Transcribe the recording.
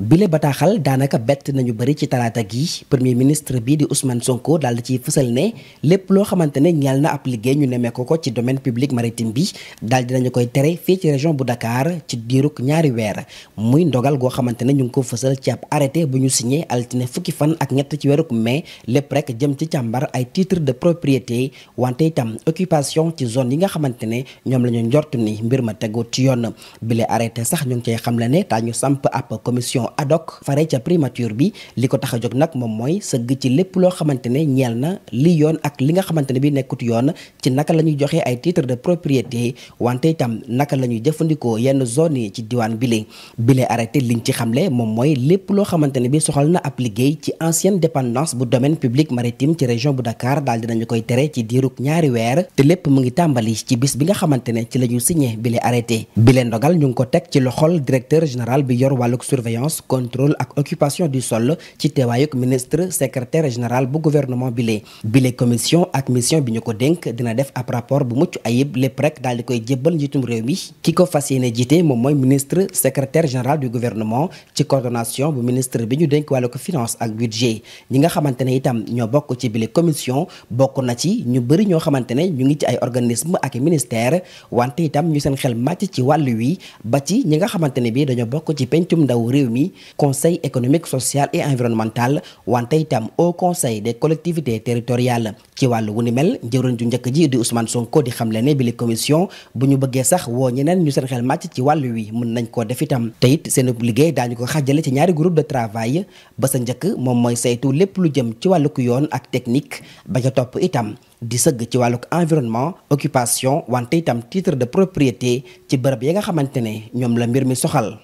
bile bataaxal daanaka bett nañu bëri ci talaata gi premier ministre bii di Ousmane Sonko daal di ciy fësal ne lépp loo xamante ne ñeel na ab liggéey ñu nemmee ko ko ci domaine public maritime bi daal dinañu koy tere fii ci région bu Dakar ci diiruk ñaari weer muy ndogal goo xamante ne ñu ngi ko fësal ci ab arrêté bu ñu signé altine fukki fan ak ñett ci weeruk mais lépp rek jëm ci càmbar ay titre de propriété wante itam occupation ci zone yi nga xamante ne ñoom la ñu njort ni mbir ma tegu ci yoon bile arrêté sax ñu ngi cay xamle ne taa ñu samp ab commission ad hoc fare ca primature bi li ko tax a jóg nag moom mooy sëgg ci lépp loo xamante ne ñeel na li yoon ak li nga xamante ne bi nekkut yoon ci naka la ñuy joxe ay titre de propriété wante itam naka la ñuy jëfandikoo yenn zone yi ci diwaan bile bile arrêté liñ ci xamle moom mooy lépp loo xamante ne bi soxal na ab liggéey ci ancienne dépendance bu domaine public maritime ci région bu Dakar daal dinañu koy tere ci diirug ñaari weer te lépp mu ngi tàmbali ci bis bi nga xamante ne ci la ñu signé bile arrêté bile ndogal ñu ngi ko général bi surveillance contrôle ak occupation du sol ci teewaayuk ministre secrétaire général bu gouvernement bile bile commission ak mission bi ñu ko dénk dina def ab rapport bu mucc ayib lépp rek daal di koy jébbal njiitum réew mi ki ko fas yéene jiite moom mooy ministre secrétaire général du gouvernement ci coordination bu ministre bi ñu dénk wàllu ko finance ak budget ñi nga xamante ne itam ñoo bokk ci bile commission bokk na ci ñu bëri ñoo xamante ne ñu ngi ci ay organisme ak ministère wante itam ñu seen xel màcc ci wàll wi ba ci ñi nga xamante ne bi dañoo bokk ci pencum ndaw réew mi économie conseil économique social et environnemental wante itam au conseil des collectivités territoriales ci wàll wu ni mel njëwriñ ju njëkk ji di Ousmane Sonko di xamle ne bili li commission bu ñu bëggee sax woo ñeneen ñu seen xel màcc ci wàllu wi mën nañ koo def itam te seen seen liggéey daañu ko xàjjale ci ñaari groupe de travail ba sa njëkk moom mooy saytu lépp lu jëm ci wàllu yoon ak technique ba ca topp itam di sëgg ci wàllug environnement occupation wante itam titre de propriété ci bërëb yi nga xamante ne ñoom la mbir mi soxal